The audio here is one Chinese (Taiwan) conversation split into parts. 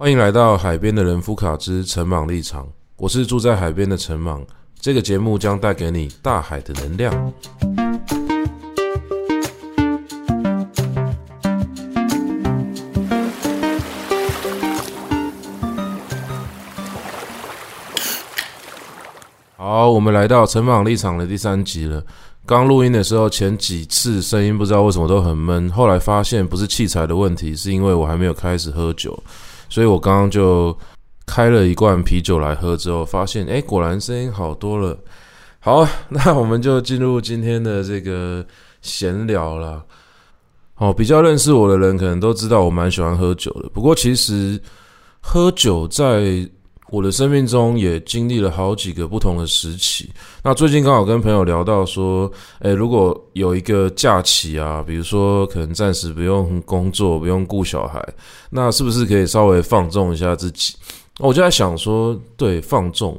歡迎來到海邊的人夫卡之陳茻立場，我是住在海邊的陳茻。這個節目將帶給你大海的能量。好，我們來到陳茻立場的第三集了。剛錄音的時候，前幾次聲音不知道為什麼都很悶，後來發現不是器材的問題，是因為我還沒有開始喝酒。所以我剛剛就開了一罐啤酒來喝，之後發現，誒，果然聲音好多了。好，那我們就進入今天的這個閒聊了。好、哦，比較認識我的人可能都知道，我蠻喜歡喝酒的。不過其實喝酒在，我的生命中也經歷了好幾個不同的時期。那最近剛好跟朋友聊到說，誒，如果有一個假期啊，比如說可能暫時不用工作，不用顧小孩，那是不是可以稍微放縱一下自己？我就在想說，對，放縱。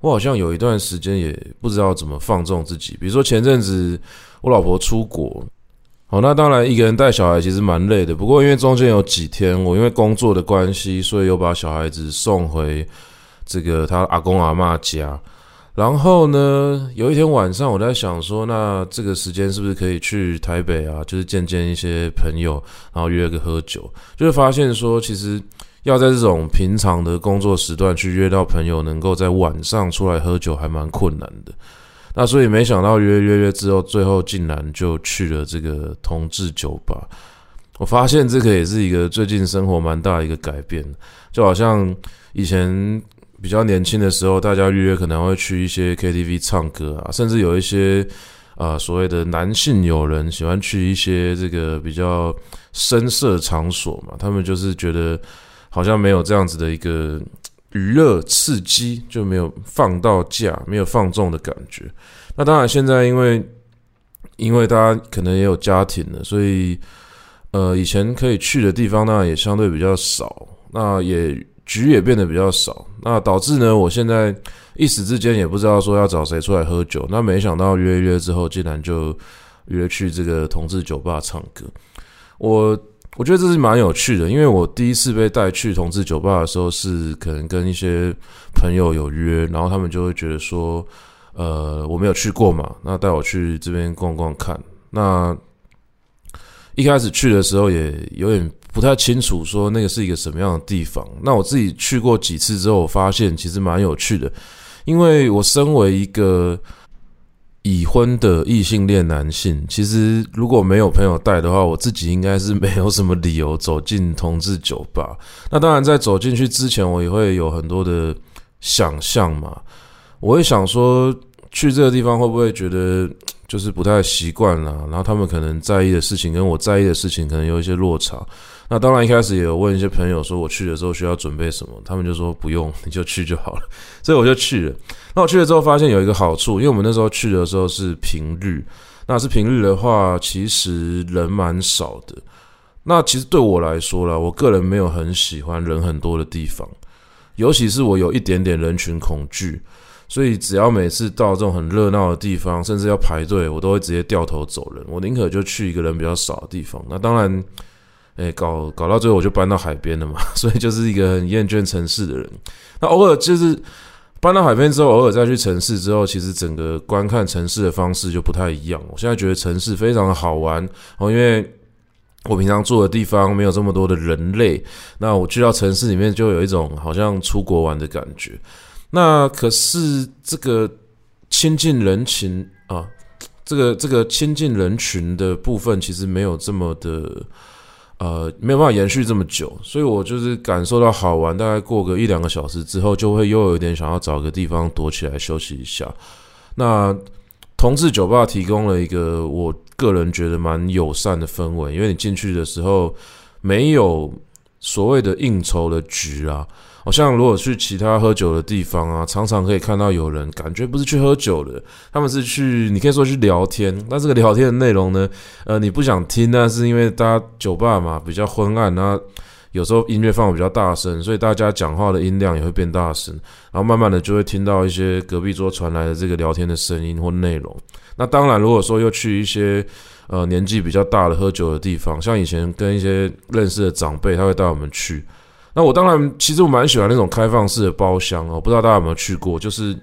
我好像有一段時間也不知道怎麼放縱自己，比如說前陣子我老婆出國。哦，那當然，一個人帶小孩其實蠻累的。不過，因為中間有幾天，我因為工作的關係，所以有把小孩子送回這個他阿公阿嬤家。然後呢，有一天晚上，我在想說，那這個時間是不是可以去台北啊？就是見見一些朋友，然後約個喝酒。就會發現說，其實要在這種平常的工作時段去約到朋友，能夠在晚上出來喝酒，還蠻困難的。那所以沒想到約約約之後，最後竟然就去了這個同志酒吧。我發現這個也是一個最近生活蠻大的一個改變，就好像以前比較年輕的時候，大家約約可能會去一些 KTV 唱歌啊，甚至有一些啊所謂的男性友人喜歡去一些這個比較聲色場所嘛，他們就是覺得好像沒有這樣子的一個。娛樂刺激就沒有放到假，沒有放縱的感覺。那當然，現在因為因為大家可能也有家庭了，所以呃，以前可以去的地方那也相對比較少，那也局也變得比較少，那導致呢，我現在一時之間也不知道說要找誰出來喝酒。那沒想到約一約之後，竟然就約去這個同志酒吧唱歌。我。我覺得這是蠻有趣的，因為我第一次被帶去同志酒吧的時候，是可能跟一些朋友有約，然後他們就會覺得說，呃，我沒有去過嘛，那帶我去這邊逛逛看。那一開始去的時候也有點不太清楚，說那個是一個什麼樣的地方。那我自己去過幾次之後，我發現其實蠻有趣的，因為我身為一個。已婚的異性戀男性，其實如果沒有朋友帶的話，我自己應該是沒有什麼理由走進同志酒吧。那當然，在走進去之前，我也會有很多的想象嘛。我會想說，去這個地方會不會覺得就是不太習慣啦啊？然後他們可能在意的事情跟我在意的事情，可能有一些落差。那當然，一開始也有問一些朋友說，我去的時候需要準備什麼？他們就說不用，你就去就好了。所以我就去了。那我去了之後，發現有一個好處，因為我們那時候去的時候是平日，那是平日的話，其實人蠻少的。那其實對我來說啦，我個人沒有很喜歡人很多的地方，尤其是我有一點點人群恐懼，所以只要每次到這種很熱鬧的地方，甚至要排隊，我都會直接掉頭走人。我寧可就去一個人比較少的地方。那當然。哎、欸，搞搞到最後我就搬到海邊了嘛，所以就是一個很厭倦城市的人。那偶爾就是搬到海邊之後，偶爾再去城市之後，其實整個觀看城市的方式就不太一樣。我現在覺得城市非常的好玩哦，因為我平常住的地方沒有這麼多的人類。那我去到城市裡面，就有一種好像出國玩的感覺。那可是這個親近人群啊，這個這個親近人群的部分，其實沒有這麼的。呃，沒有辦法延續這麼久，所以我就是感受到好玩，大概過個一兩個小時之後，就會又有點想要找個地方躲起來休息一下。那同志酒吧提供了一個我個人覺得蠻友善的氛圍，因為你進去的時候沒有。所謂的應酬的局啊，好、哦、像如果去其他喝酒的地方啊，常常可以看到有人感覺不是去喝酒的，他們是去，你可以說去聊天。那這個聊天的內容呢，呃，你不想聽，但是因為大家酒吧嘛，比較昏暗，那、啊、有時候音樂放的比較大聲，所以大家講話的音量也會變大聲，然後慢慢的就會聽到一些隔壁桌傳來的這個聊天的聲音或內容。那當然，如果說又去一些。呃，年紀比較大的喝酒的地方，像以前跟一些認識的長輩，他會帶我們去。那我當然，其實我蠻喜歡那種開放式的包廂哦。不知道大家有沒有去過？就是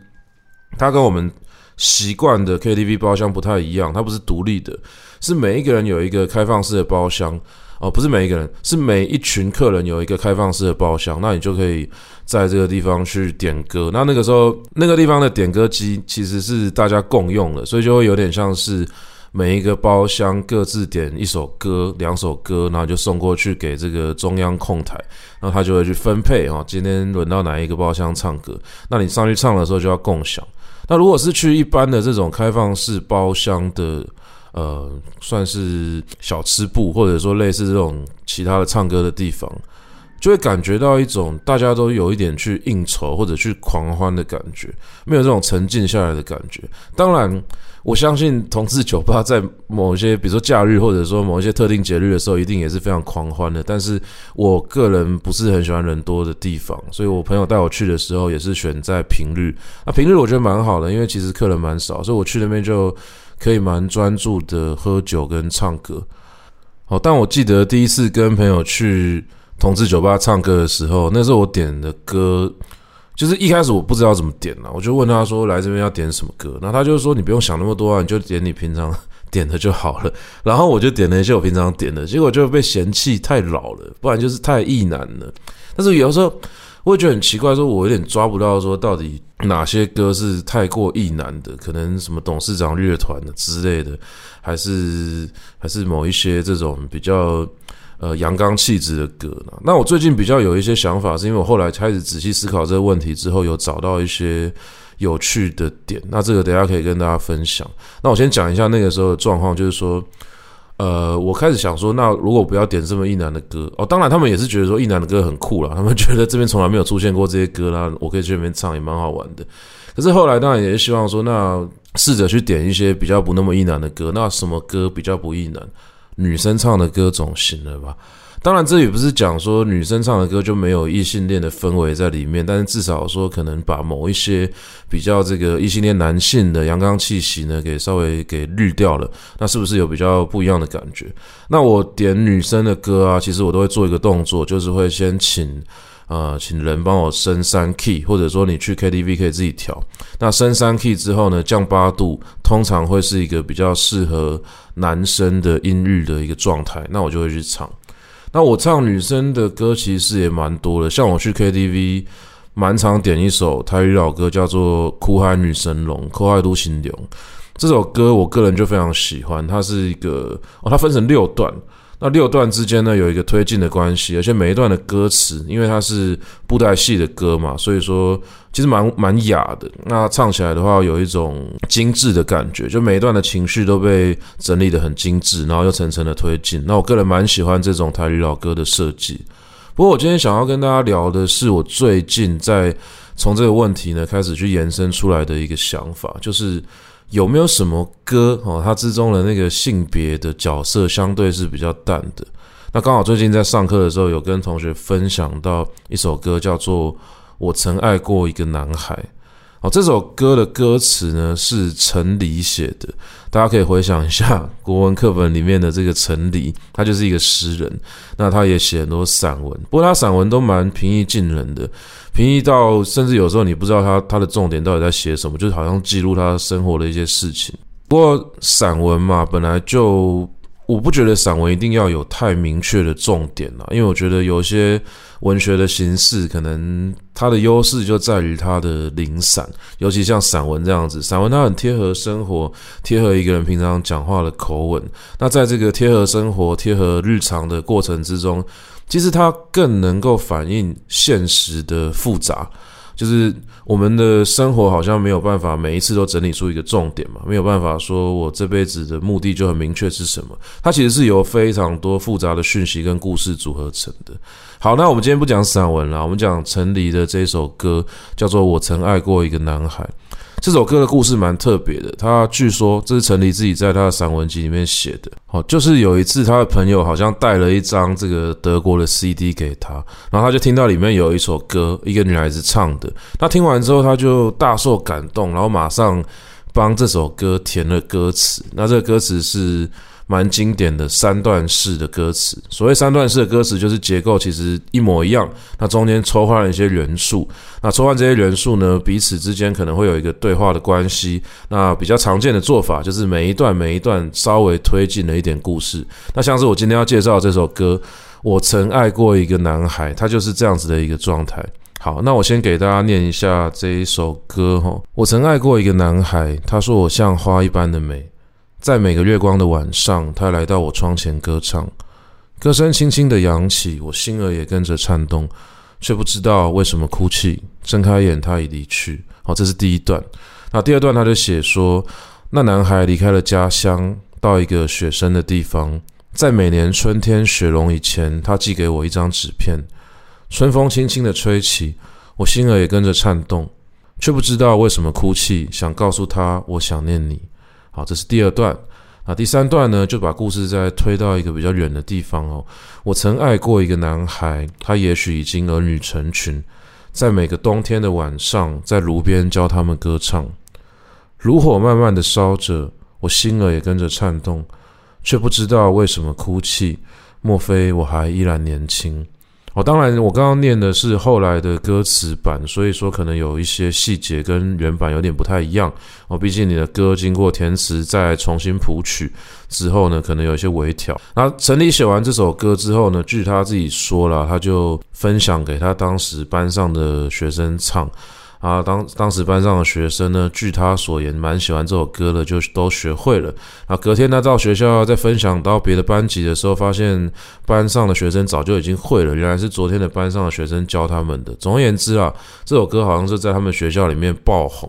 它跟我們習慣的 KTV 包廂不太一樣，它不是獨立的，是每一個人有一個開放式的包廂哦。不是每一個人，是每一群客人有一個開放式的包廂。那你就可以在這個地方去點歌。那那個時候，那個地方的點歌機其實是大家共用的，所以就會有點像是。每一個包廂各自點一首歌，兩首歌，然後就送過去給這個中央控台，然後他就會去分配啊。今天輪到哪一個包廂唱歌。那你上去唱的時候就要共享。那如果是去一般的這種開放式包廂的，呃，算是小吃部或者說類似這種其他的唱歌的地方，就會感覺到一種大家都有一點去應酬或者去狂歡的感覺，沒有這種沉靜下來的感覺。當然。我相信同志酒吧在某一些，比如說假日，或者說某一些特定節日的時候，一定也是非常狂歡的。但是我個人不是很喜歡人多的地方，所以我朋友帶我去的時候，也是選在平日。那平日我覺得蠻好的，因為其實客人蠻少，所以我去那邊就可以蠻專注的喝酒跟唱歌。好，但我記得第一次跟朋友去同志酒吧唱歌的時候，那時候我點的歌。就是一開始我不知道怎麼點呢、啊，我就問他說，來這邊要點什麼歌？那他就說，你不用想那麼多啊，你就點你平常點的就好了。然後我就點了一些我平常點的，結果就被嫌棄太老了，不然就是太易難了。但是有時候我會覺得很奇怪，說我有點抓不到說到底哪些歌是太過易難的，可能什麼董事長樂團之類的，還是還是某一些這種比較。呃，陽剛氣質的歌，啊、那我最近比較有一些想法，是因為我後來開始仔細思考這個問題之後，有找到一些有趣的點。那這個等下可以跟大家分享。那我先講一下那個時候的狀況，就是說，呃，我開始想說，那如果不要點這麼異男的歌哦，當然他們也是覺得說異男的歌很酷啦，他們覺得這邊從來沒有出現過這些歌啦，啊，我可以去那邊唱也蠻好玩的。可是後來當然也是希望說，那試着去點一些比較不那麼異男的歌。那什麼歌比較不異男？女生唱的歌總行了吧？當然，這裡不是講說女生唱的歌就沒有異性戀的氛圍在裡面，但是至少說可能把某一些比較這個異性戀男性的陽剛氣息呢給稍微給濾掉了，那是不是有比較不一樣的感覺？那我點女生的歌啊，其實我都會做一個動作，就是會先請。呃，請人幫我升三 key，或者說你去 K T V 可以自己調。那升三 key 之後呢，降八度，通常會是一個比較適合男生的音域的一個狀態。那我就會去唱。那我唱女生的歌其實也蠻多的，像我去 K T V 蠻常點一首台語老歌，叫做《苦海女神龍》，《苦海都行龍》這首歌，我個人就非常喜歡。它是一個，哦，它分成六段。那六段之間呢，有一個推進的關係，而且每一段的歌詞，因為它是布袋戲的歌嘛，所以說其實蠻蠻雅的。那唱起來的話，有一種精緻的感覺，就每一段的情緒都被整理得很精緻，然後又層層的推進。那我個人蠻喜歡這種台語老歌的設計。不過我今天想要跟大家聊的是，我最近在從這個問題呢開始去延伸出來的一個想法，就是。有沒有什麼歌哦，它之中的那個性別的角色相對是比較淡的。那剛好最近在上課的時候，有跟同學分享到一首歌，叫做《我曾愛過一個男孩》。哦，這首歌的歌詞呢，是陳黎寫的，大家可以回想一下國文課本裡面的這個陳黎，他就是一個詩人，那他也寫很多散文，不過他散文都蠻平易近人的，平易到甚至有時候你不知道他他的重點到底在寫什麼，就好像記錄他生活的一些事情。不過散文嘛，本來就。我不覺得散文一定要有太明確的重點了，因為我覺得有些文學的形式，可能它的優勢就在於它的零散，尤其像散文這樣子，散文它很貼合生活，貼合一個人平常講話的口吻。那在這個貼合生活、貼合日常的過程之中，其實它更能夠反映現實的複雜。就是我們的生活好像沒有辦法每一次都整理出一個重點嘛，沒有辦法說我這輩子的目的就很明確是什麼？它其實是由非常多複雜的訊息跟故事組合成的。好，那我們今天不講散文了，我們講陳黎的這一首歌，叫做《我曾愛過一個男孩》。這首歌的故事蠻特別的，他據說這是陳黎自己在他的散文集裡面寫的。好，就是有一次他的朋友好像帶了一張這個德國的 CD 給他，然後他就聽到裡面有一首歌，一個女孩子唱的。他聽完之後，他就大受感動，然後馬上幫這首歌填了歌詞。那這個歌詞是。蠻經典的三段式的歌詞。所謂三段式的歌詞，就是結構其實一模一樣，那中間抽換了一些元素。那抽換這些元素呢，彼此之間可能會有一個對話的關係。那比較常見的做法就是每一段每一段稍微推進了一點故事。那像是我今天要介紹的這首歌，我曾愛過一個男孩，他就是這樣子的一個狀態。好，那我先給大家念一下這一首歌。吼，我曾愛過一個男孩，他說我像花一般的美。在每個月光的晚上，他來到我窗前歌唱，歌聲輕輕的揚起，我心兒也跟着顫動，卻不知道為什麼哭泣。睜開眼，他已離去。好，這是第一段。那第二段他就寫說，那男孩離開了家鄉，到一個雪深的地方。在每年春天雪融以前，他寄給我一張紙片。春風輕輕的吹起，我心兒也跟着顫動，卻不知道為什麼哭泣。想告訴他，我想念你。好，這是第二段。那、啊、第三段呢？就把故事再推到一個比較遠的地方哦。我曾愛過一個男孩，他也許已經兒女成群，在每個冬天的晚上，在爐邊教他們歌唱。爐火慢慢的燒着，我心兒也跟着顫動，卻不知道為什麼哭泣。莫非我還依然年輕？哦，當然，我剛剛念的是後來的歌詞版，所以說可能有一些細節跟原版有點不太一樣哦。畢竟你的歌經過填詞再重新譜曲之後呢，可能有一些微調。那、啊、陳立寫完這首歌之後呢，據他自己說啦，他就分享給他當時班上的學生唱。啊，當當時班上的學生呢，據他所言，蠻喜歡這首歌的，就都學會了。啊，隔天他到學校再、啊、分享到別的班級的時候，發現班上的學生早就已經會了，原來是昨天的班上的學生教他們的。總而言之啊，這首歌好像是在他們學校裡面爆紅，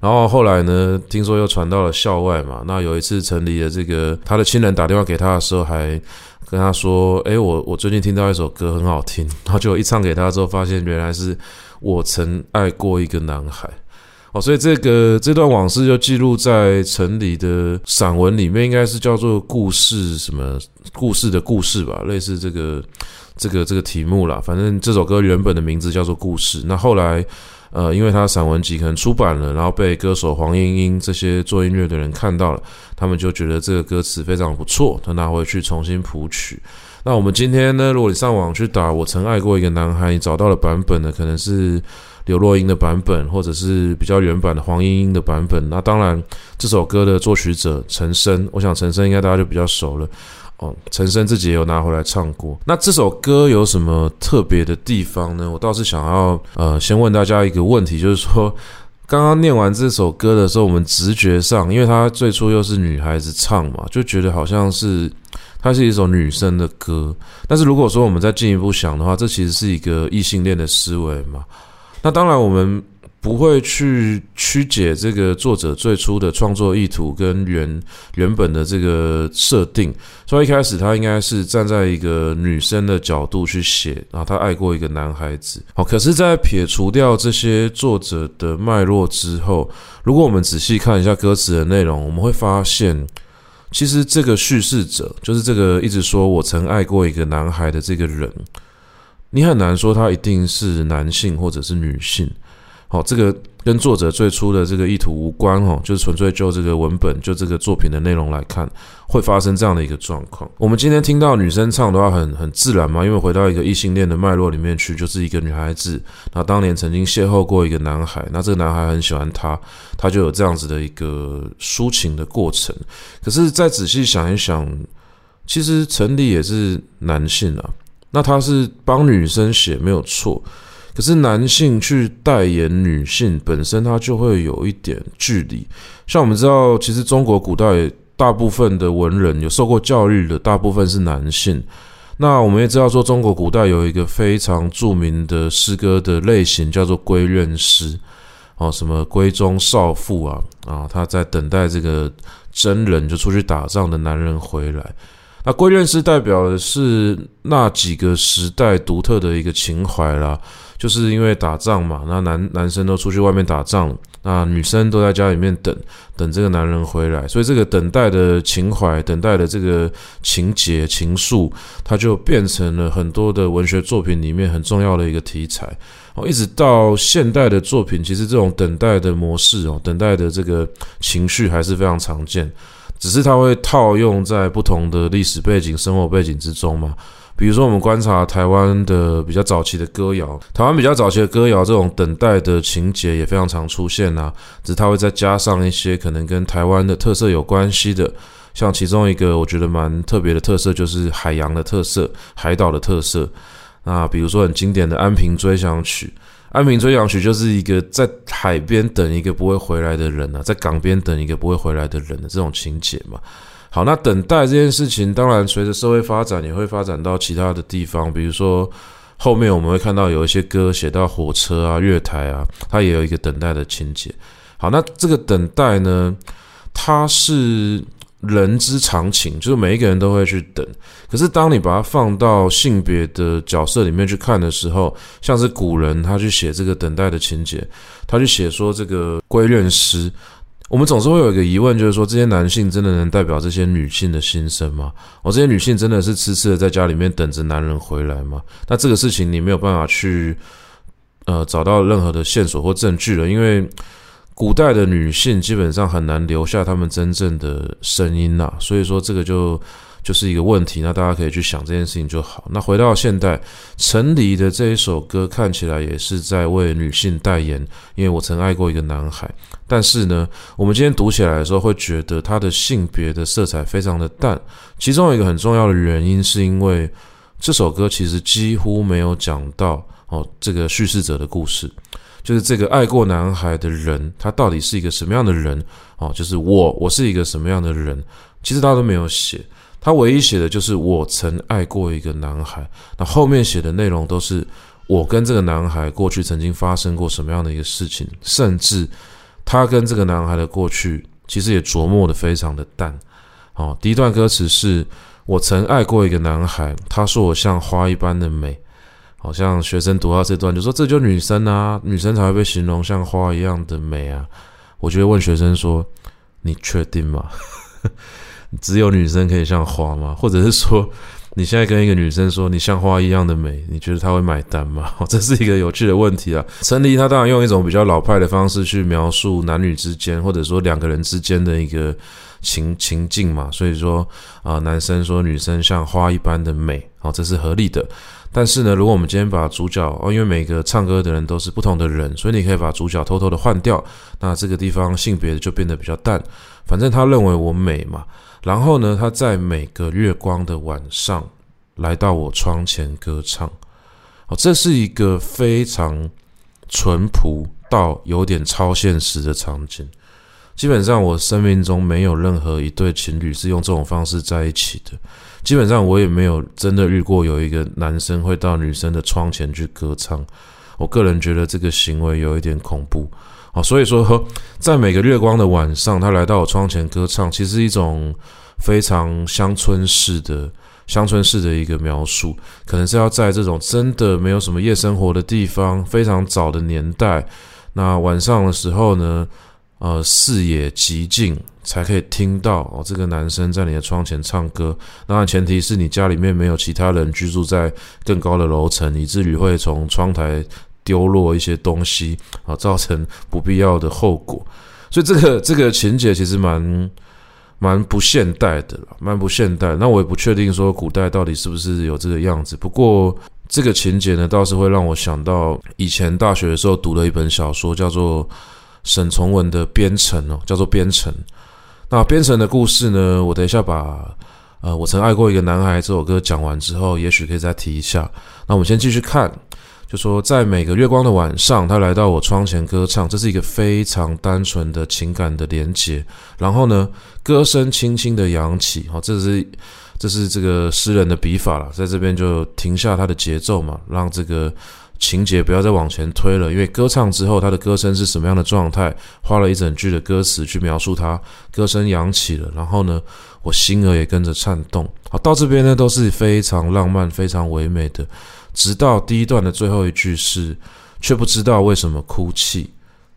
然後後來呢，聽說又傳到了校外嘛。那有一次城裡的這個他的親人打電話給他的時候還。跟他說：“誒，我我最近聽到一首歌很好聽，然後就一唱給他之後，發現原來是我曾愛過一個男孩。哦，所以這個這段往事就記錄在城裡的散文裡面，應該是叫做故事什麼故事的故事吧，類似這個這個這個題目啦。反正這首歌原本的名字叫做故事。那後來。”呃，因為他散文集可能出版了，然後被歌手黃鶯鶯這些做音樂的人看到了，他們就覺得這個歌詞非常不錯，他拿回去重新譜曲。那我們今天呢，如果你上網去打“我曾愛過一個男孩”，你找到的版本呢，可能是劉若英的版本，或者是比較原版的黃鶯鶯的版本。那當然，這首歌的作曲者陳升，我想陳升應該大家就比較熟了。哦，陳升自己也有拿回來唱過。那這首歌有什麼特別的地方呢？我倒是想要，呃，先問大家一個問題，就是說，剛剛念完這首歌的時候，我們直覺上，因為它最初又是女孩子唱嘛，就覺得好像是它是一首女生的歌。但是如果說我們再進一步想的話，這其實是一個異性戀的思維嘛。那當然我們，不會去曲解這個作者最初的創作意圖跟原原本的這個設定，所以一開始他應該是站在一個女生的角度去寫，然後他愛過一個男孩子。好，可是，在撇除掉這些作者的脈絡之後，如果我們仔細看一下歌詞的內容，我們會發現，其實這個敘事者就是這個一直說我曾愛過一個男孩的這個人，你很難說他一定是男性或者是女性。好，這個跟作者最初的這個意圖無關哦，就是純粹就這個文本，就這個作品的內容來看，會發生這樣的一個狀況。我們今天聽到女生唱的話，很很自然嘛，因為回到一個異性戀的脈絡裡面去，就是一個女孩子，那當年曾經邂逅過一個男孩，那這個男孩很喜歡她，她就有這樣子的一個抒情的過程。可是再仔細想一想，其實陳黎也是男性啊，那他是幫女生寫，沒有錯。可是男性去代言女性，本身他就會有一點距離。像我們知道，其實中國古代大部分的文人有受過教育的，大部分是男性。那我們也知道說，中國古代有一個非常著名的詩歌的類型，叫做閨怨詩。哦，什麼閨中少婦啊啊，她在等待這個征人就出去打仗的男人回來。那閨怨詩代表的是那幾個時代獨特的一個情懷啦。就是因為打仗嘛，那男男生都出去外面打仗，那女生都在家裡面等等這個男人回來，所以這個等待的情懷，等待的這個情節、情愫，它就變成了很多的文學作品裡面很重要的一個題材。哦，一直到現代的作品，其實這種等待的模式哦，等待的這個情緒還是非常常見，只是它會套用在不同的歷史背景、生活背景之中嘛。比如說，我們觀察臺灣的比較早期的歌謠，臺灣比較早期的歌謠，這種等待的情節也非常常出現啊。只是它會再加上一些可能跟臺灣的特色有關係的，像其中一個我覺得蠻特別的特色就是海洋的特色、海島的特色。那比如說很經典的《安平追想曲》，《安平追想曲》，《安平追想曲》就是一個在海邊等一個不會回來的人啊，在港邊等一個不會回來的人的這種情節嘛。好，那等待這件事情，當然隨着社會發展，也會發展到其他的地方。比如說，後面我們會看到有一些歌寫到火車啊、月台啊，它也有一個等待的情節。好，那這個等待呢，它是人之常情，就是每一個人都會去等。可是當你把它放到性別的角色裡面去看的時候，像是古人他去寫這個等待的情節，他去寫說這個閨怨詩。我們總是會有一個疑問，就是說這些男性真的能代表這些女性的心聲嗎？我、哦、這些女性真的是痴痴的在家裡面等着男人回來嗎？那這個事情你沒有辦法去，呃，找到任何的線索或證據了，因為古代的女性基本上很難留下她們真正的聲音吶、啊，所以說這個就。就是一個問題，那大家可以去想這件事情就好。那回到現代，陳黎的這一首歌看起來也是在為女性代言，因為我曾愛過一個男孩。但是呢，我們今天讀起來的時候，會覺得他的性別的色彩非常的淡。其中有一個很重要的原因，是因為這首歌其實幾乎沒有講到哦，這個敘事者的故事，就是這個愛過男孩的人，他到底是一個什麼樣的人？哦，就是我，我是一個什麼樣的人？其實他都沒有寫。他唯一寫的就是我曾愛過一個男孩，那後面寫的內容都是我跟這個男孩過去曾經發生過什麼樣的一個事情，甚至他跟這個男孩的過去其實也琢磨得非常的淡。好、哦，第一段歌詞是“我曾愛過一個男孩，他說我像花一般的美”，好、哦、像學生讀到這段就說“這就是女生啊，女生才會被形容像花一樣的美啊”，我就會問學生說：“你確定嗎？” 只有女生可以像花嗎？或者是說，你現在跟一個女生說你像花一樣的美，你覺得她會買單嗎？這是一個有趣的問題啊。陳黎他當然用一種比較老派的方式去描述男女之間，或者說兩個人之間的一個情情境嘛。所以說啊、呃，男生說女生像花一般的美，好、哦，這是合理的。但是呢，如果我們今天把主角哦，因為每個唱歌的人都是不同的人，所以你可以把主角偷偷的換掉，那這個地方性別就變得比較淡。反正他認為我美嘛。然後呢，他在每個月光的晚上，來到我窗前歌唱。哦，這是一個非常淳樸到有點超現實的場景。基本上，我生命中沒有任何一對情侶是用這種方式在一起的。基本上，我也沒有真的遇過有一個男生會到女生的窗前去歌唱。我個人覺得這個行為有一點恐怖，啊、哦，所以說在每個月光的晚上，他來到我窗前歌唱，其實是一種非常鄉村式的鄉村式的一個描述，可能是要在這種真的沒有什麼夜生活的地方，非常早的年代，那晚上的時候呢，呃，四野寂靜，才可以聽到哦，這個男生在你的窗前唱歌。那前提是你家裡面沒有其他人居住在更高的樓層，以至於會從窗台，丟落一些東西啊，造成不必要的後果，所以這個這個情節其實蠻蠻不現代的，蠻不現代。那我也不確定說古代到底是不是有這個樣子。不過這個情節呢，倒是會讓我想到以前大學的時候讀了一本小說，叫做沈從文的《邊城》哦，叫做《邊城》。那《邊城》的故事呢，我等一下把呃，我曾愛過一個男孩這首歌講完之後，也許可以再提一下。那我們先繼續看。就說在每個月光的晚上，他來到我窗前歌唱，這是一個非常單純的情感的連接。然後呢，歌聲輕輕地揚起，好、哦，這是這是這個詩人的筆法了，在這邊就停下他的節奏嘛，讓這個情節不要再往前推了。因為歌唱之後，他的歌聲是什麼樣的狀態？花了一整句的歌詞去描述他，歌聲揚起了，然後呢，我心兒也跟着顫動。好、哦，到這邊呢，都是非常浪漫、非常唯美的。直到第一段的最後一句是，卻不知道為什麼哭泣。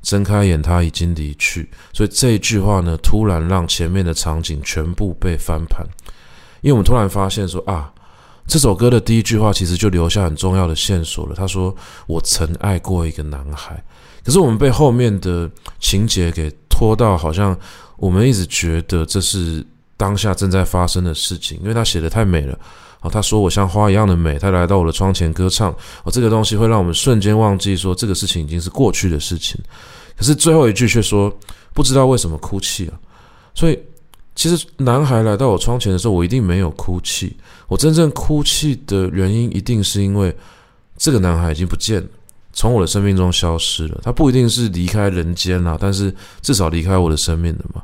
睜開眼，他已經離去。所以這一句話呢，突然讓前面的場景全部被翻盤。因為我們突然發現說啊，這首歌的第一句話其實就留下很重要的線索了。他說我曾愛過一個男孩，可是我們被後面的情節給拖到，好像我們一直覺得這是當下正在發生的事情，因為他寫得太美了。哦，他說我像花一樣的美，他來到我的窗前歌唱。哦，這個東西會讓我們瞬間忘記，說這個事情已經是過去的事情。可是最後一句卻說不知道為什麼哭泣啊。所以，其實男孩來到我窗前的時候，我一定沒有哭泣。我真正哭泣的原因一定是因為這個男孩已經不見了，從我的生命中消失了。他不一定是離開人間了啊，但是至少離開我的生命了嘛。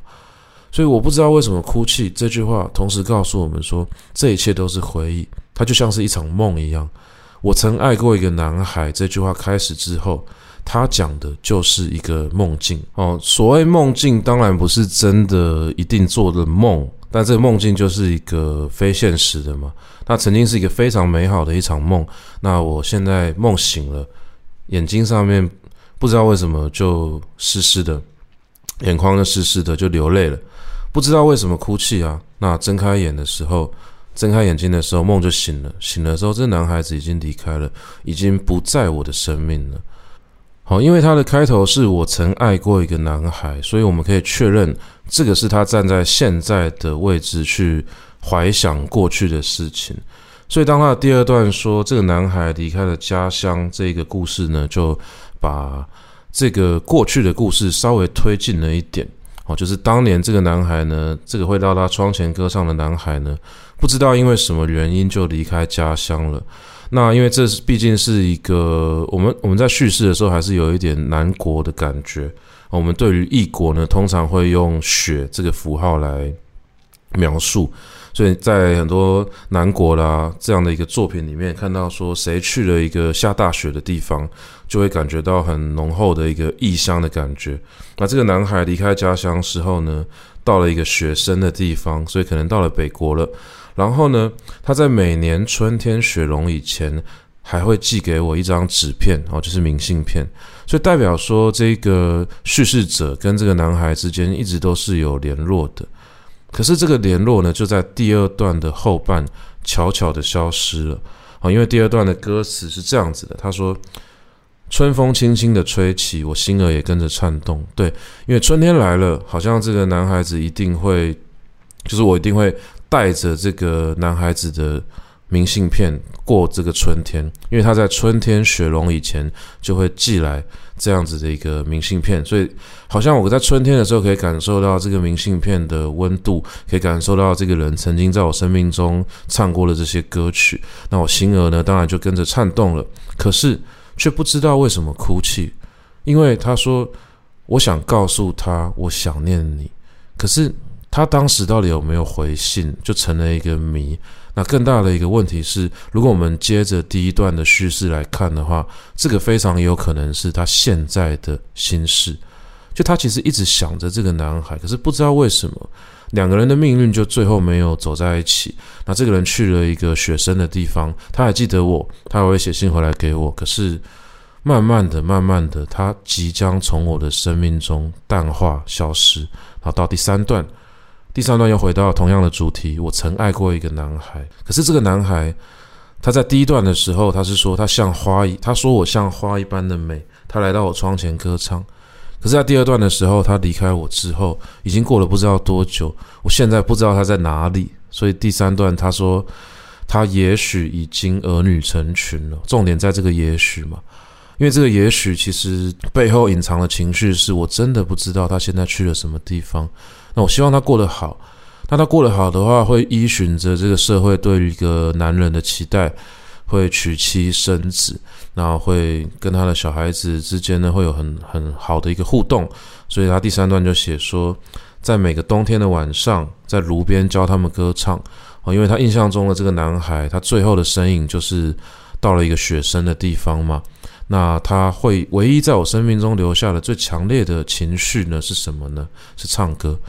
所以我不知道為什麼哭泣這句話，同時告訴我們說，這一切都是回憶，它就像是一場夢一樣。我曾愛過一個男孩。這句話開始之後，他講的就是一個夢境哦。所謂夢境，當然不是真的一定做的夢，但這個夢境就是一個非現實的嘛。它曾經是一個非常美好的一場夢。那我現在夢醒了，眼睛上面不知道為什麼就濕濕的，眼眶就濕濕的，就流淚了。不知道為什麼哭泣啊？那睜開眼的時候，睜開眼睛的時候，夢就醒了，醒了之後，這男孩子已經離開了，已經不在我的生命了。好，因為他的開頭是我曾愛過一個男孩，所以我們可以確認這個是他站在現在的位置去懷想過去的事情。所以，當他的第二段說這個男孩離開了家鄉，這個故事呢，就把這個過去的故事稍微推進了一點。哦，就是當年這個男孩呢，這個會到他窗前歌唱的男孩呢，不知道因為什麼原因就離開家鄉了。那因為這畢竟是一個，我們我們在敘事的時候還是有一點南國的感覺。我們對於異國呢，通常會用雪這個符號來描述。所以在很多南國啦、啊、這樣的一個作品裡面，看到說誰去了一個下大雪的地方，就會感覺到很濃厚的一個異鄉的感覺。那這個男孩離開家鄉時候呢，到了一個雪深的地方，所以可能到了北國了。然後呢，他在每年春天雪融以前，還會寄給我一張紙片哦，就是明信片。所以代表說，這個敘事者跟這個男孩之間一直都是有聯絡的。可是這個聯絡呢，就在第二段的後半，悄悄的消失了啊！因為第二段的歌詞是這樣子的，他說：“春風輕輕的吹起，我心兒也跟着顫動。”對，因為春天來了，好像這個男孩子一定會，就是我一定會帶着這個男孩子的。明信片過這個春天，因為他在春天雪融以前就會寄來這樣子的一個明信片，所以好像我在春天的時候可以感受到這個明信片的溫度，可以感受到這個人曾經在我生命中唱過的這些歌曲。那我心兒呢，當然就跟着顫動了，可是卻不知道為什麼哭泣，因為他說我想告訴他我想念你，可是他當時到底有沒有回信，就成了一個謎。那更大的一個問題是，如果我們接着第一段的敘事來看的話，這個非常有可能是他現在的心事，就他其實一直想着這個男孩，可是不知道為什麼，兩個人的命運就最後沒有走在一起。那這個人去了一個雪山的地方，他還記得我，他還會寫信回來給我。可是慢慢的、慢慢的，他即將從我的生命中淡化、消失。然後到第三段。第三段又回到同樣的主題。我曾愛過一個男孩，可是這個男孩，他在第一段的時候，他是說他像花，他說我像花一般的美，他來到我窗前歌唱。可是，在第二段的時候，他離開我之後，已經過了不知道多久，我現在不知道他在哪裡。所以第三段他說，他也許已經兒女成群了。重點在這個“也許”嘛，因為這個“也許”其實背後隱藏的情緒是我真的不知道他現在去了什麼地方。我希望他過得好，那他過得好的話，會依循着這個社會對於一個男人的期待，會娶妻生子，然後會跟他的小孩子之間呢會有很很好的一個互動，所以他第三段就寫說，在每個冬天的晚上，在爐邊教他們歌唱，哦，因為他印象中的這個男孩，他最後的身影就是到了一個雪山的地方嘛，那他會唯一在我生命中留下的最強烈的情緒呢是什麼呢？是唱歌。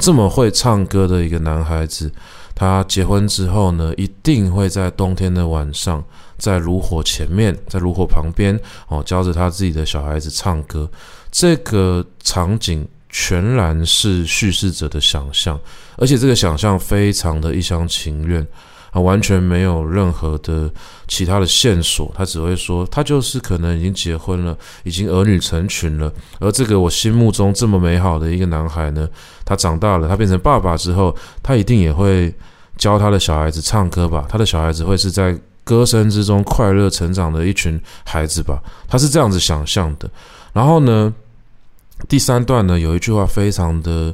這麼會唱歌的一個男孩子，他結婚之後呢，一定會在冬天的晚上，在爐火前面，在爐火旁邊，哦，教着他自己的小孩子唱歌。這個場景全然是敘事者的想象，而且這個想象非常的一廂情願。他完全沒有任何的其他的線索，他只會說他就是可能已經結婚了，已經兒女成群了。而這個我心目中這麼美好的一個男孩呢，他長大了，他變成爸爸之後，他一定也會教他的小孩子唱歌吧？他的小孩子會是在歌聲之中快樂成長的一群孩子吧？他是這樣子想象的。然後呢，第三段呢，有一句話非常的，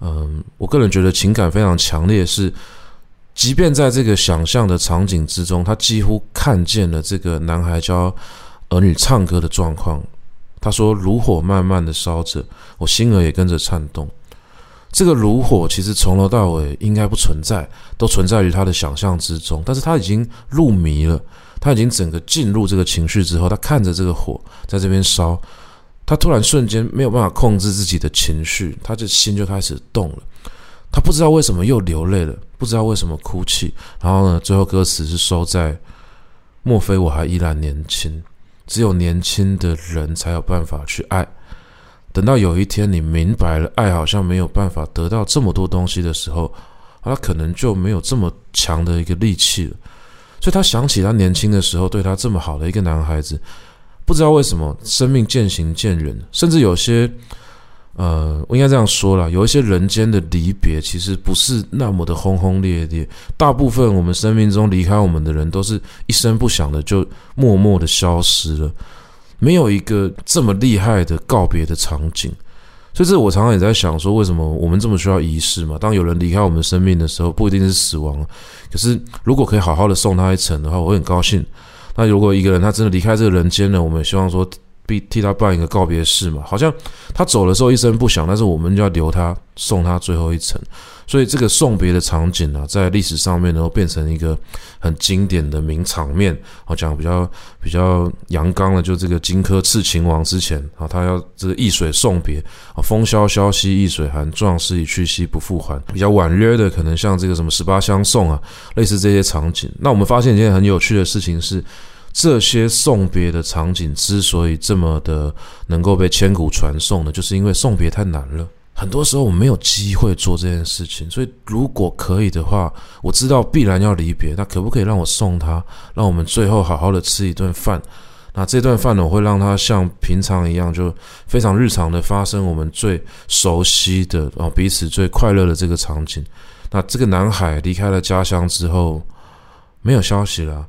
嗯、呃，我個人覺得情感非常強烈是。即便在這個想象的場景之中，他幾乎看見了這個男孩教兒女唱歌的狀況。他說：“爐火慢慢的燒着，我心兒也跟着顫動。”這個爐火其實從頭到尾應該不存在，都存在於他的想象之中。但是他已經入迷了，他已經整個進入這個情緒之後，他看着這個火在這邊燒，他突然瞬間沒有辦法控制自己的情緒，他就心就開始動了，他不知道為什麼又流淚了。不知道為什麼哭泣，然後呢，最後歌詞是收在“莫非我還依然年輕？只有年輕的人才有辦法去愛。等到有一天你明白了，愛好像沒有辦法得到這麼多東西的時候，啊，他可能就沒有這麼強的一個力氣了。所以他想起他年輕的時候，對他這麼好的一個男孩子，不知道為什麼生命漸行漸遠，甚至有些……呃，我應該這樣說啦。有一些人間的離別，其實不是那麼的轟轟烈烈。大部分我們生命中離開我們的人，都是一聲不響的就默默的消失了，沒有一個這麼厲害的告別的場景。所以這我常常也在想說，為什麼我們這麼需要儀式嘛？當有人離開我們生命的時候，不一定是死亡了，可是如果可以好好的送他一程的話，我會很高興。那如果一個人他真的離開這個人間了，我們希望說。替他辦一個告別式嘛，好像他走的時候一聲不響，但是我們就要留他送他最後一程，所以這個送別的場景呢、啊，在歷史上面然後變成一個很經典的名場面、啊。我講比較比較陽剛的，就這個荊軻刺秦王之前啊，他要這個易水送別啊，風蕭蕭兮易水寒，壯士一去兮不復還。比較婉約的，可能像這個什麼十八相送啊，類似這些場景。那我們發現一件很有趣的事情是。這些送別的場景之所以這麼的能夠被千古傳頌呢，就是因為送別太難了。很多時候我沒有機會做這件事情，所以如果可以的話，我知道必然要離別，那可不可以讓我送他？讓我們最後好好的吃一頓飯。那這頓飯呢，我會讓他像平常一樣，就非常日常的發生我們最熟悉的啊、彼此最快樂的這個場景。那這個男孩離開了家鄉之後，沒有消息了啊。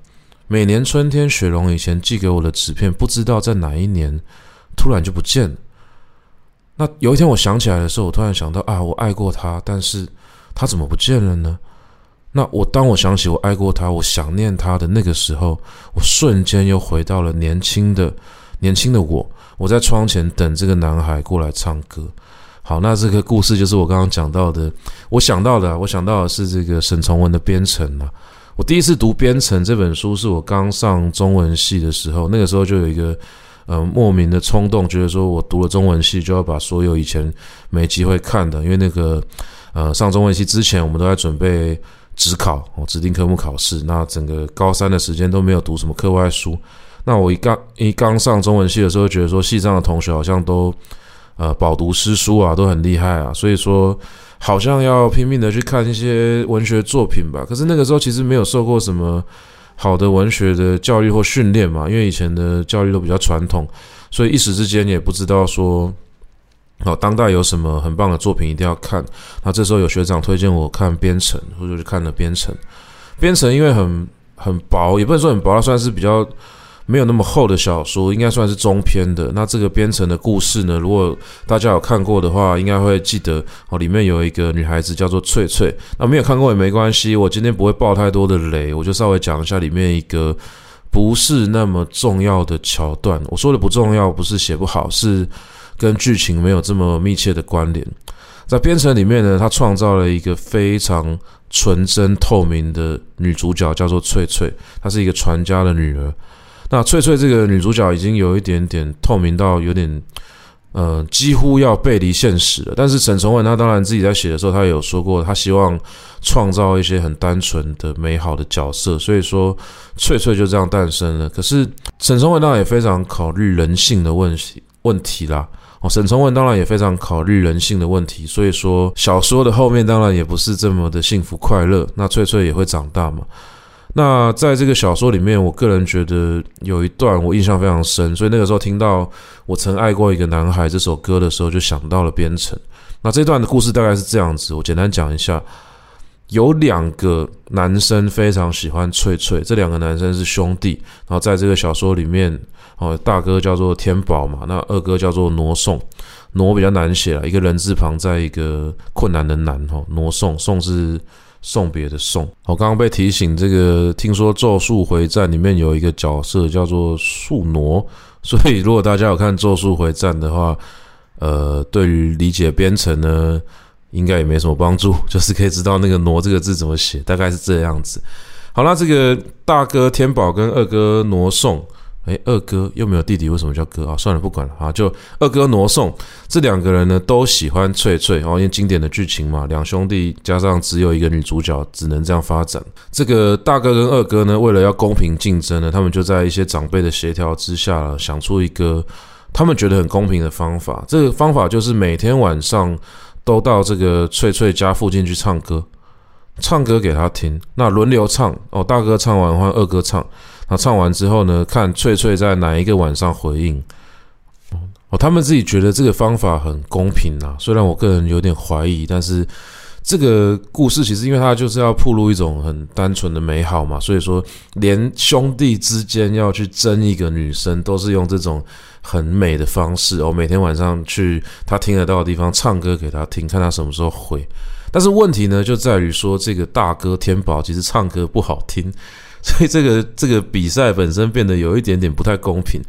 每年春天，雪融以前寄給我的紙片，不知道在哪一年突然就不見了。那有一天，我想起來的時候，我突然想到啊，我愛過他，但是他怎麼不見了呢？那我當我想起我愛過他，我想念他的那個時候，我瞬間又回到了年輕的年輕的我。我在窗前等這個男孩過來唱歌。好，那這個故事就是我剛剛講到的。我想到的，我想到的是這個沈從文的《邊城》啊。我第一次讀《邊城》這本書，是我剛上中文系的時候。那個時候就有一個，呃，莫名的衝動，覺得說我讀了中文系就要把所有以前沒機會看的，因為那個，呃，上中文系之前我們都在準備指考，我、哦、指定科目考試。那整個高三的時間都沒有讀什麼課外書。那我一剛一剛上中文系的時候，覺得說系上的同學好像都，呃，飽讀詩書啊，都很厲害啊，所以說。好像要拼命的去看一些文學作品吧，可是那個時候其實沒有受過什麼好的文學的教育或訓練嘛，因為以前的教育都比較傳統，所以一時之間也不知道說，哦，當代有什麼很棒的作品一定要看。那、啊、這時候有學長推薦我看《邊城》，我就去看了《邊城》。邊城因為很很薄，也不能說很薄，它算是比較。沒有那麼厚的小說，應該算是中篇的。那這個《邊城》的故事呢？如果大家有看過的話，應該會記得哦。裡面有一個女孩子叫做翠翠。那沒有看過也沒關係，我今天不會爆太多的雷，我就稍微講一下裡面一個不是那麼重要的橋段。我說的不重要，不是寫不好，是跟劇情沒有這麼密切的關聯。在《邊城》裡面呢，他創造了一個非常純真透明的女主角，叫做翠翠。她是一個傳家的女兒。那翠翠這個女主角已經有一點點透明到有點，呃，幾乎要背離現實了。但是沈從文他當然自己在寫的時候，他也有說過，他希望創造一些很單純的美好的角色。所以說，翠翠就這樣誕生了。可是沈從文當然也非常考慮人性的問題，問題啦。哦，沈從文當然也非常考慮人性的問題，所以說小說的後面當然也不是這麼的幸福快樂。那翠翠也會長大嘛。那在這個小說裡面，我個人覺得有一段我印象非常深，所以那個時候聽到《我曾愛過一個男孩》這首歌的時候，就想到了邊城。那這段的故事大概是這樣子，我簡單講一下：有兩個男生非常喜歡翠翠，這兩個男生是兄弟。然後在這個小說裡面，哦，大哥叫做天保嘛，那二哥叫做儺送，儺比較難寫了，一個人字旁在一個困難的難，哈，儺送，送是。送別的送，我剛剛被提醒，這個聽說《咒術迴戰》裡面有一個角色叫做宿儺，所以如果大家有看《咒術迴戰》的話，呃，對於理解邊城呢，應該也沒什麼幫助，就是可以知道那個儺這個字怎麼寫，大概是這樣子。好了，這個大哥天保跟二哥儺送。哎，二哥又沒有弟弟，為什麼叫哥啊？算了，不管了啊！就二哥挪送這兩個人呢，都喜歡翠翠哦，因為經典的劇情嘛，兩兄弟加上只有一個女主角，只能這樣發展。這個大哥跟二哥呢，為了要公平競爭呢，他們就在一些長輩的協調之下了，想出一個他們覺得很公平的方法。這個方法就是每天晚上都到這個翠翠家附近去唱歌，唱歌給他聽。那輪流唱哦，大哥唱完換二哥唱。那唱完之後呢？看翠翠在哪一個晚上回應哦，他們自己覺得這個方法很公平吶、啊。雖然我個人有點懷疑，但是這個故事其實，因為他就是要鋪露一種很單純的美好嘛，所以說連兄弟之間要去爭一個女生，都是用這種很美的方式。哦，每天晚上去他聽得到的地方唱歌給他聽，看他什麼時候回。但是問題呢，就在於說這個大哥天寶其實唱歌不好聽。所以這個這個比賽本身變得有一點點不太公平。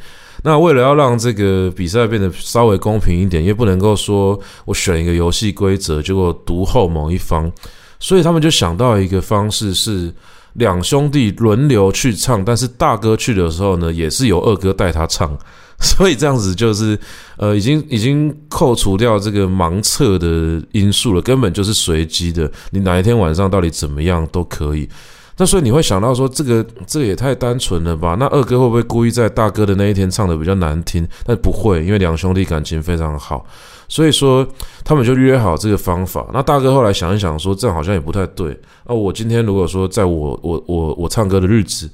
那為了要讓這個比賽變得稍微公平一點，因為不能夠說我選一個遊戲規則，結果獨厚某一方，所以他們就想到一個方式，是兩兄弟輪流去唱。但是大哥去的時候呢，也是由二哥帶他唱。所以這樣子就是，呃，已經已經扣除掉這個盲測的因素了，根本就是隨機的。你哪一天晚上到底怎麼樣都可以。那所以你會想到說，這個這個也太單純了吧？那二哥會不會故意在大哥的那一天唱得比較難聽？但不會，因為兩兄弟感情非常好，所以說他們就約好這個方法。那大哥後來想一想說，這樣好像也不太對。那、啊、我今天如果說在我我我我唱歌的日子，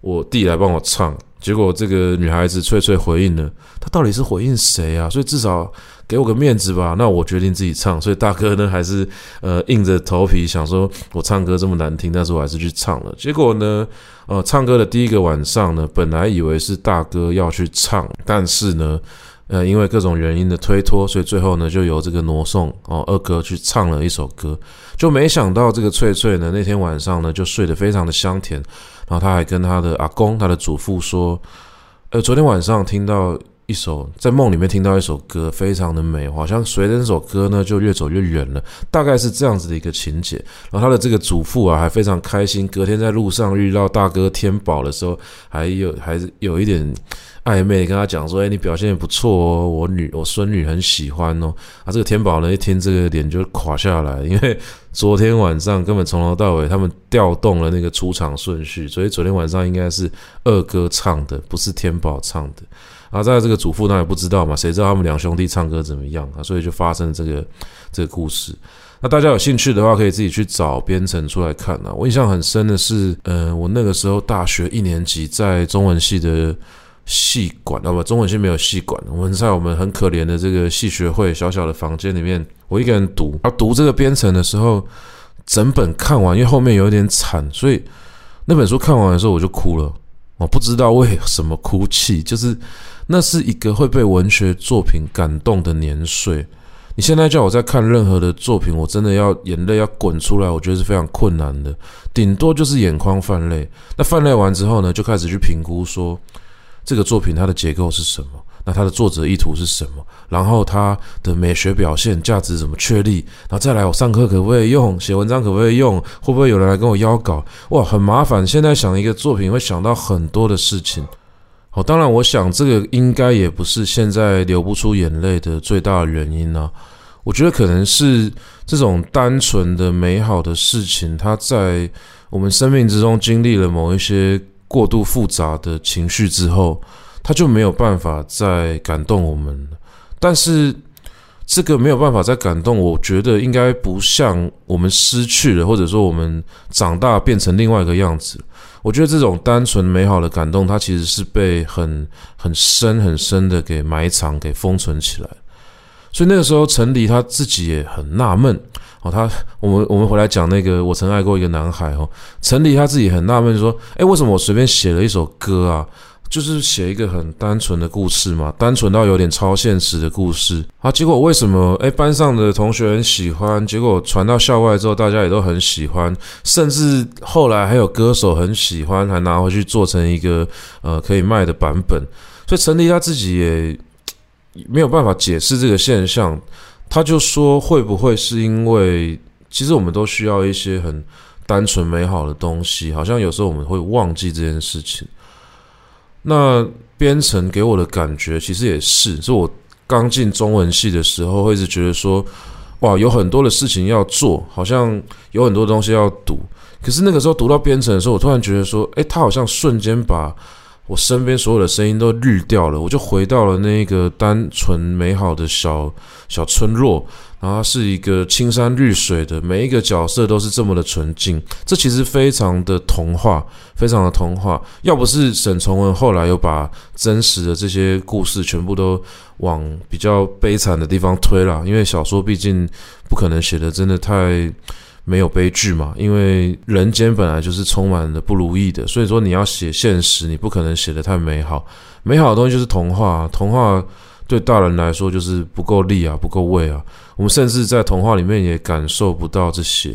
我弟來幫我唱，結果這個女孩子翠翠回應了，她到底是回應誰啊？所以至少。給我個面子吧，那我決定自己唱，所以大哥呢還是呃硬着頭皮想說我唱歌這麼難聽，但是我還是去唱了。結果呢，呃，唱歌的第一個晚上呢，本來以為是大哥要去唱，但是呢，呃，因為各種原因的推脫，所以最後呢，就由這個儺送哦、呃、二哥去唱了一首歌。就沒想到這個翠翠呢，那天晚上呢就睡得非常的香甜，然後她還跟她的阿公、她的祖父說，呃，昨天晚上聽到。一首在夢裡面聽到一首歌，非常的美，好像隨着那首歌呢，就越走越遠了。大概是這樣子的一個情節。然後他的這個祖父啊，還非常開心。隔天在路上遇到大哥天寶的時候，還有還是有一點曖昧，跟他講說：“哎、欸，你表現也不錯哦，我女我孫女很喜歡哦。”啊，這個天寶呢，一聽這個臉就垮下來，因為昨天晚上根本從頭到尾他們調動了那個出場順序，所以昨天晚上應該是二哥唱的，不是天寶唱的。啊，在這個祖父那也不知道嘛，誰知道他們兩兄弟唱歌怎麼樣啊？所以就發生了這個這個故事。那、啊、大家有興趣的話，可以自己去找邊城出來看啊。我印象很深的是，嗯、呃，我那個時候大學一年級，在中文系的系館，好、啊、吧，中文系沒有系館，我們在我們很可憐的這個系學會小小的房間裡面，我一個人讀，啊，讀這個邊城的時候，整本看完，因為後面有點慘，所以那本書看完的時候我就哭了。我、哦、不知道為什麼哭泣，就是那是一個會被文學作品感動的年歲。你現在叫我在看任何的作品，我真的要眼淚要滾出來，我覺得是非常困難的，頂多就是眼眶泛淚。那泛淚完之後呢，就開始去評估說，這個作品它的結構是什麼？那它的作者意圖是什麼？然後它的美學表現價值怎麼確立？然後再來，我上課可不可以用？寫文章可不可以用？會不會有人來跟我邀稿？哇，很麻煩！現在想一個作品，會想到很多的事情。好、哦，當然，我想這個應該也不是現在流不出眼淚的最大的原因呢、啊。我覺得可能是這種單純的美好的事情，它在我們生命之中經歷了某一些過度複雜的情緒之後。他就沒有辦法再感動我們，但是這個沒有辦法再感動，我覺得應該不像我們失去了，或者說我們長大變成另外一個樣子。我覺得這種單純美好的感動，它其實是被很很深很深的給埋藏、給封存起來。所以那個時候，陳黎他自己也很納悶，哦，他我們我們回來講那個我曾愛過一個男孩哦，陳黎他自己很納悶，說，誒，為什麼我隨便寫了一首歌啊？就是寫一個很單純的故事嘛，單純到有點超現實的故事。好、啊，結果為什麼？哎，班上的同學很喜歡，結果傳到校外之後，大家也都很喜歡，甚至後來還有歌手很喜歡，還拿回去做成一個呃可以賣的版本。所以陳黎他自己也，也沒有辦法解釋這個現象，他就說會不會是因為其實我們都需要一些很單純美好的東西，好像有時候我們會忘記這件事情。那邊城給我的感覺，其實也是，就我剛進中文系的時候，會一直覺得說，哇，有很多的事情要做，好像有很多東西要讀。可是那個時候讀到邊城的時候，我突然覺得說，誒、欸，它好像瞬間把我身邊所有的聲音都濾掉了，我就回到了那個單純美好的小小村落。然後是一個青山綠水的，每一個角色都是這麼的純淨，這其實非常的童話，非常的童話。要不是沈從文後來又把真實的這些故事全部都往比較悲慘的地方推了，因為小說畢竟不可能寫得真的太沒有悲劇嘛，因為人間本來就是充滿了不如意的，所以說你要寫現實，你不可能寫得太美好。美好的東西就是童話，童話對大人來說就是不夠力啊，不夠味啊。我們甚至在童話裡面也感受不到這些，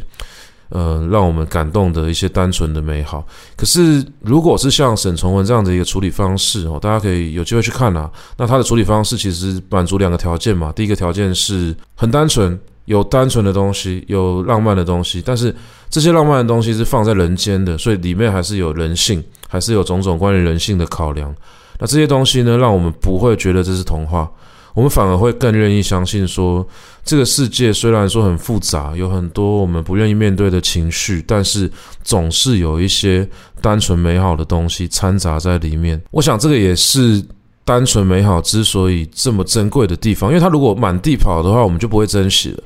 呃，讓我們感動的一些單純的美好。可是，如果是像沈從文這樣的一個處理方式哦，大家可以有機會去看啊。那他的處理方式其實滿足兩個條件嘛。第一個條件是很單純，有單純的東西，有浪漫的東西。但是這些浪漫的東西是放在人間的，所以裡面還是有人性，還是有種種關於人性的考量。那這些東西呢，讓我們不會覺得這是童話，我們反而會更願意相信說。這個世界雖然說很複雜，有很多我們不願意面對的情緒，但是總是有一些單純美好的東西摻雜在裡面。我想，這個也是單純美好之所以這麼珍貴的地方，因為它如果滿地跑的話，我們就不會珍惜了。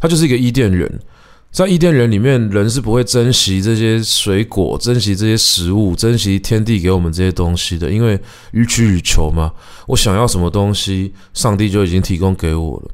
它就是一個伊甸園，在伊甸園裡面，人是不會珍惜這些水果，珍惜這些食物，珍惜天地給我們這些東西的，因為予取予求嘛。我想要什麼東西，上帝就已經提供給我了。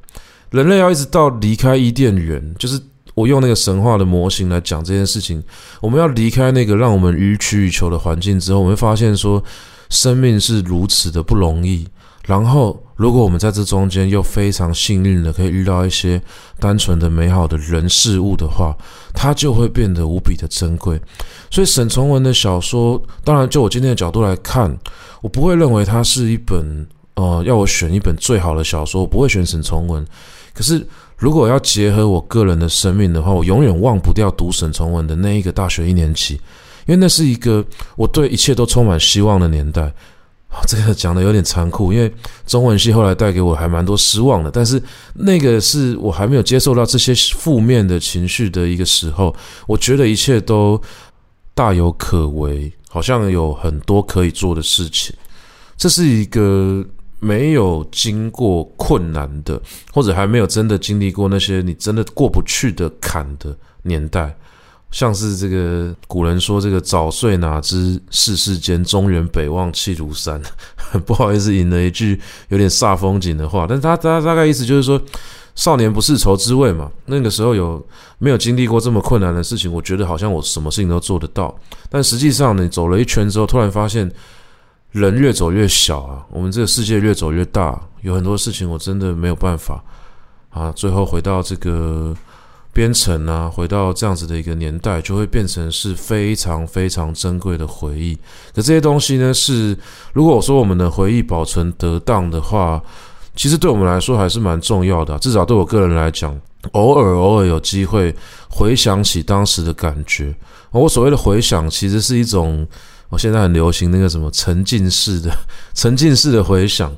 人類要一直到離開伊甸園，就是我用那個神話的模型來講這件事情。我們要離開那個讓我們予取予求的環境之後，我們會發現說，生命是如此的不容易。然後，如果我們在這中間又非常幸運的可以遇到一些單純的、美好的人事物的話，它就會變得無比的珍貴。所以，沈從文的小說，當然就我今天的角度來看，我不會認為它是一本呃，要我選一本最好的小說，我不會選沈從文。可是，如果要結合我個人的生命的話，我永遠忘不掉讀沈從文的那一個大學一年級，因為那是一個我對一切都充滿希望的年代。這個講的有點殘酷，因為中文系後來帶給我還蠻多失望的。但是那個是我還沒有接受到這些負面的情緒的一個時候，我覺得一切都大有可為，好像有很多可以做的事情。這是一個。沒有經過困難的，或者還沒有真的經歷過那些你真的過不去的坎的年代，像是這個古人說：“這個早歲哪知世事艱，中原北望氣如山。”呵呵，不好意思，引了一句有點煞風景的話，但他他，他大概意思就是說，少年不識愁滋味嘛。那個時候有沒有經歷過這麼困難的事情？我覺得好像我什麼事情都做得到，但實際上你走了一圈之後，突然發現。人越走越小啊，我們這個世界越走越大，有很多事情我真的沒有辦法啊。最後回到這個編程啊，回到這樣子的一個年代，就會變成是非常非常珍貴的回憶。可這些東西呢，是如果我說我們的回憶保存得當的話，其實對我們來說還是蠻重要的啊。至少對我個人來講，偶爾偶爾有機會回想起當時的感覺，啊，我所謂的回想其實是一種。我現在很流行那個什麼沉浸式的，沉浸式的回想。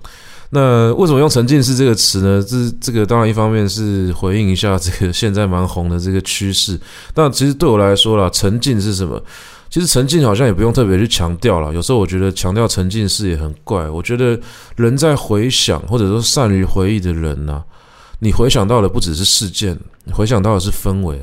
那為什麼用沉浸式這個詞呢？這這個當然一方面是回應一下這個現在蠻紅的這個趨勢。但其實對我來說啦，沉浸是什麼？其實沉浸好像也不用特別去強調啦。有時候我覺得強調沉浸式也很怪。我覺得人在回想或者說善於回憶的人吶、啊，你回想到的不只是事件，你回想到的是氛圍。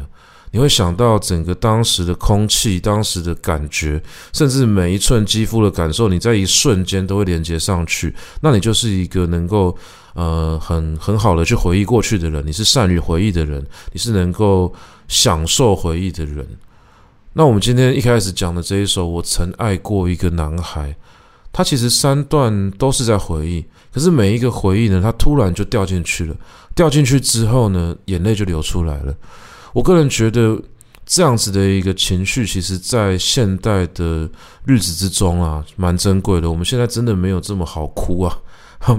你會想到整個當時的空氣、當時的感覺，甚至每一寸肌膚的感受，你在一瞬間都會連接上去。那你就是一個能夠呃很很好的去回憶過去的人，你是善於回憶的人，你是能夠享受回憶的人。那我們今天一開始講的這一首《我曾愛過一個男孩》，它其實三段都是在回憶，可是每一個回憶呢，它突然就掉進去了，掉進去之後呢，眼淚就流出來了。我個人覺得這樣子的一個情緒，其實，在現代的日子之中啊，蠻珍貴的。我們現在真的沒有這麼好哭啊，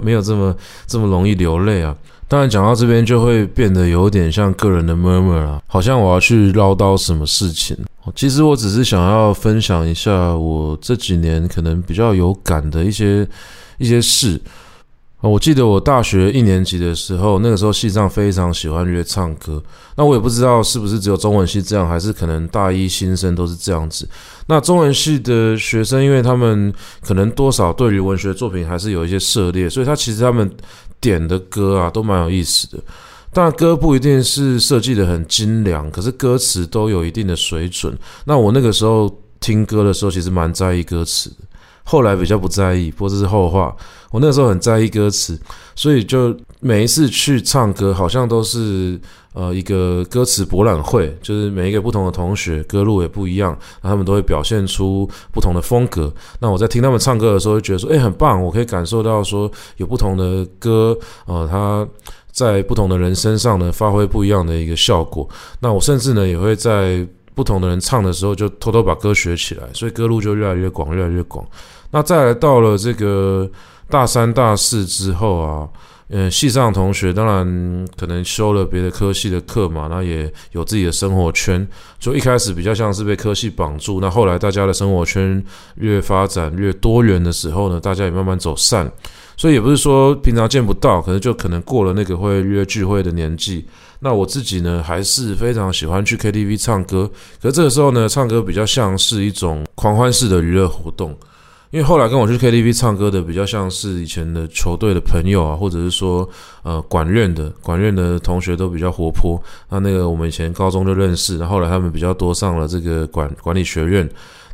沒有這麼這麼容易流淚啊。當然，講到這邊就會變得有點像個人的 murmur 啊，好像我要去嘮叨什麼事情。其實我只是想要分享一下我這幾年可能比較有感的一些一些事。哦，我記得我大學一年級的時候，那個時候系上非常喜歡約唱歌。那我也不知道是不是只有中文系這樣，還是可能大一新生都是這樣子。那中文系的學生，因為他們可能多少對於文學作品還是有一些涉獵，所以他其實他們點的歌啊都蠻有意思的。但歌不一定是設計得很精良，可是歌詞都有一定的水準。那我那個時候聽歌的時候，其實蠻在意歌詞的。後來比較不在意，不過這是後話。我那時候很在意歌詞，所以就每一次去唱歌，好像都是呃一個歌詞博覽會，就是每一個不同的同學，歌路也不一樣，他們都會表現出不同的風格。那我在聽他們唱歌的時候，會覺得說，誒，很棒，我可以感受到說有不同的歌，呃，他在不同的人身上呢，發揮不一樣的一個效果。那我甚至呢，也會在不同的人唱的時候，就偷偷把歌學起來，所以歌路就越來越廣，越來越廣。那再來到了這個大三大四之後啊，嗯，系上同學當然可能修了別的科系的課嘛，那也有自己的生活圈，就一開始比較像是被科系綁住。那後來大家的生活圈越發展越多元的時候呢，大家也慢慢走散，所以也不是說平常見不到，可能就可能過了那個會約聚會的年紀。那我自己呢，還是非常喜歡去 KTV 唱歌，可是這個時候呢，唱歌比較像是一種狂歡式的娛樂活動。因為後來跟我去 KTV 唱歌的，比較像是以前的球隊的朋友啊，或者是說，呃，管院的管院的同學都比較活潑。那那個我們以前高中就認識，然後來他們比較多上了這個管管理學院。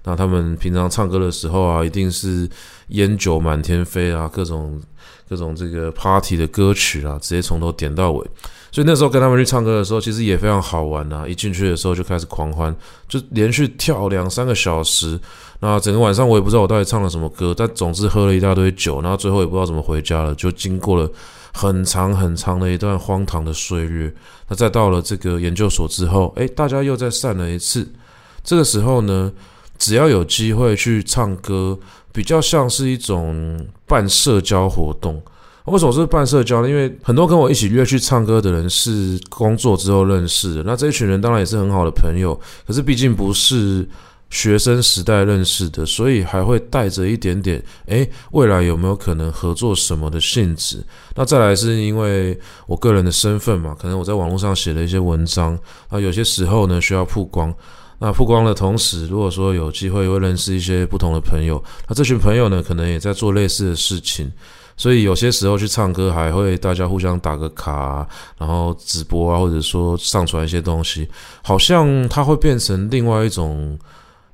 那他們平常唱歌的時候啊，一定是菸酒滿天飛啊，各種各種這個 party 的歌曲啊，直接從頭點到尾。所以那時候跟他們去唱歌的時候，其實也非常好玩啊，一進去的時候就開始狂歡，就連續跳兩三個小時。那整個晚上我也不知道我到底唱了什麼歌，但總之喝了一大堆酒，然後最後也不知道怎麼回家了，就經過了很長很長的一段荒唐的歲月。那再到了這個研究所之後，哎，大家又再散了一次。這個時候呢，只要有機會去唱歌，比較像是一種半社交活動。為什麼我是半社交呢？因為很多跟我一起約去唱歌的人是工作之後認識的。那這一群人當然也是很好的朋友，可是畢竟不是學生時代認識的，所以還會帶着一點點“誒，未來有沒有可能合作什麼”的性質。那再來是因為我個人的身份嘛，可能我在網絡上寫了一些文章，那有些時候呢，需要曝光。那曝光的同時，如果說有機會會認識一些不同的朋友，那這群朋友呢，可能也在做類似的事情。所以有些時候去唱歌，還會大家互相打個卡啊，然後直播啊，或者說上傳一些東西，好像它會變成另外一種，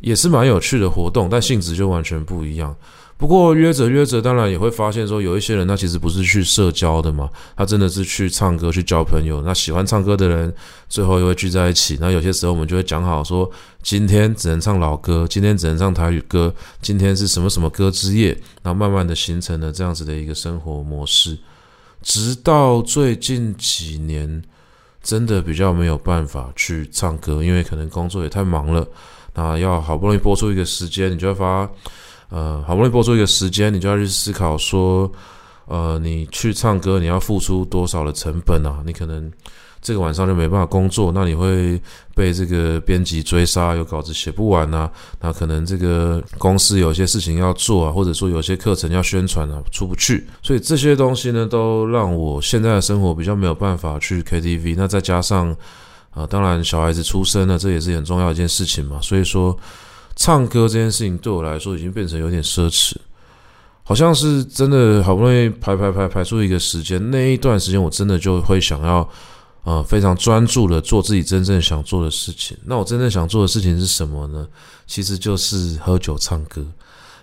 也是蠻有趣的活動，但性質就完全不一樣。不過約着約着，當然也會發現說，有一些人他其實不是去社交的嘛，他真的是去唱歌去交朋友。那喜歡唱歌的人，最後又會聚在一起。那有些時候我們就會講好說，今天只能唱老歌，今天只能唱台語歌，今天是什麼什麼歌之夜。那慢慢的形成了這樣子的一個生活模式。直到最近幾年，真的比較沒有辦法去唱歌，因為可能工作也太忙了。那要好不容易播出一個時間，你就要發。呃，好不容易播出一個時間，你就要去思考說，呃，你去唱歌，你要付出多少的成本啊？你可能這個晚上就沒辦法工作，那你會被這個編輯追殺，有稿子寫不完啊？那可能這個公司有些事情要做啊，或者說有些課程要宣傳啊，出不去。所以這些東西呢，都讓我現在的生活比較沒有辦法去 KTV。那再加上啊，呃，當然小孩子出生了，這也是很重要的一件事情嘛。所以說。唱歌這件事情對我來說已經變成有點奢侈，好像是真的好不容易排排排排出一個時間，那一段時間我真的就會想要，呃，非常專注的做自己真正想做的事情。那我真正想做的事情是什麼呢？其實就是喝酒唱歌，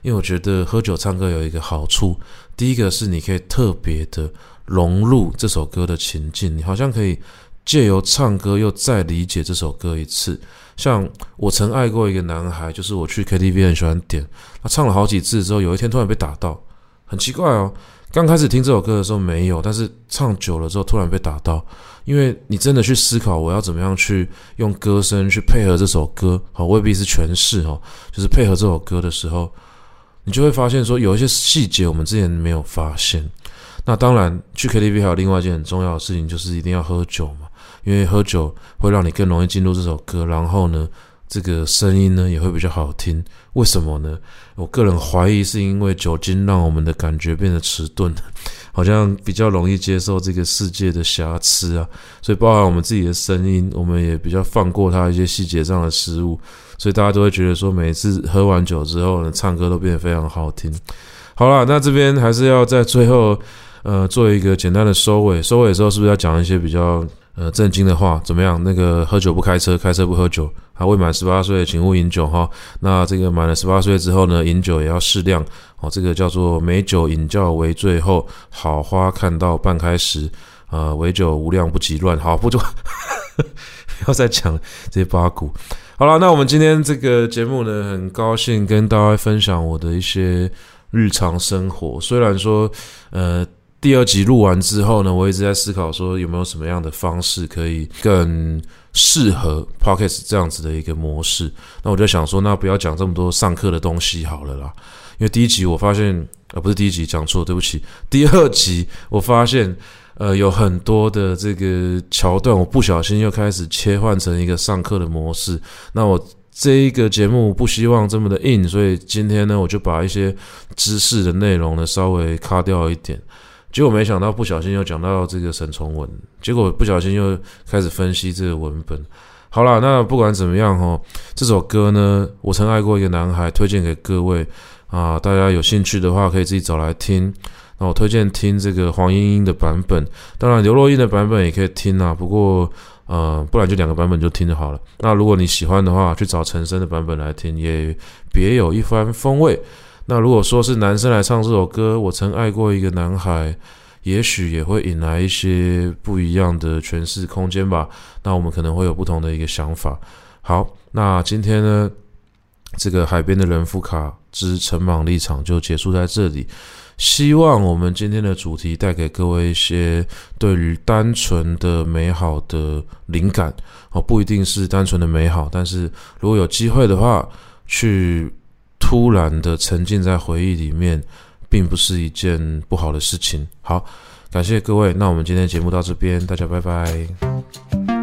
因為我覺得喝酒唱歌有一個好處，第一個是你可以特別的融入這首歌的情境，你好像可以借由唱歌又再理解這首歌一次。像我曾愛過一個男孩，就是我去 KTV 很喜歡點，他唱了好幾次之後，有一天突然被打到，很奇怪哦。剛開始聽這首歌的時候沒有，但是唱久了之後突然被打到，因為你真的去思考我要怎麼樣去用歌聲去配合這首歌，好，未必是詮釋哦，就是配合這首歌的時候，你就會發現說有一些細節我們之前沒有發現。那當然，去 KTV 還有另外一件很重要的事情，就是一定要喝酒嘛。因為喝酒會讓你更容易進入這首歌，然後呢，這個聲音呢也會比較好聽。為什麼呢？我個人懷疑是因為酒精讓我們的感覺變得遲鈍，好像比較容易接受這個世界的瑕疵啊。所以，包含我們自己的聲音，我們也比較放過它一些細節上的失誤。所以大家都會覺得說，每次喝完酒之後呢，唱歌都變得非常好聽。好了，那這邊還是要在最後，呃，做一個簡單的收尾。收尾的時候是不是要講一些比較？呃，震驚的話怎麼樣？那個喝酒不開車，開車不喝酒。還未滿十八歲，請勿飲酒哈。那這個滿了十八歲之後呢，飲酒也要適量。哦，這個叫做美酒飲教微醉後，好花看到半開時。呃，唯酒無量，不及亂。好，不就 不要再講這些八股。好了，那我們今天這個節目呢，很高興跟大家分享我的一些日常生活。雖然說，呃。第二集錄完之後呢，我一直在思考說有沒有什麼樣的方式可以更適合 podcast 這樣子的一個模式。那我就想說，那不要講這麼多上課的東西好了啦。因為第一集我發現，呃、啊，不是第一集，講錯，對不起，第二集我發現，呃，有很多的這個橋段，我不小心又開始切換成一個上課的模式。那我這一個節目不希望這麼的硬，所以今天呢，我就把一些知識的內容呢稍微 cut 掉一點。結果沒想到，不小心又講到這個沈從文，結果不小心又開始分析這個文本。好了，那不管怎麼樣哈、哦，這首歌呢，我曾愛過一個男孩，推薦給各位啊、呃，大家有興趣的話可以自己找來聽。那我推薦聽這個黃鶯鶯的版本，當然劉若英的版本也可以聽啊。不過呃，不然就兩個版本就聽就好了。那如果你喜歡的話，去找陳升的版本來聽，也別有一番風味。那如果說是男生來唱這首歌，我曾愛過一個男孩，也許也會引來一些不一樣的詮釋空間吧。那我們可能會有不同的一個想法。好，那今天呢，這個海邊的人夫卡之陳茻立場就結束在這裡。希望我們今天的主題帶給各位一些對於單純的美好的靈感哦，不一定是單純的美好，但是如果有機會的話，去。突然的沉浸在回憶裡面，並不是一件不好的事情。好，感謝各位，那我們今天節目到這邊，大家拜拜。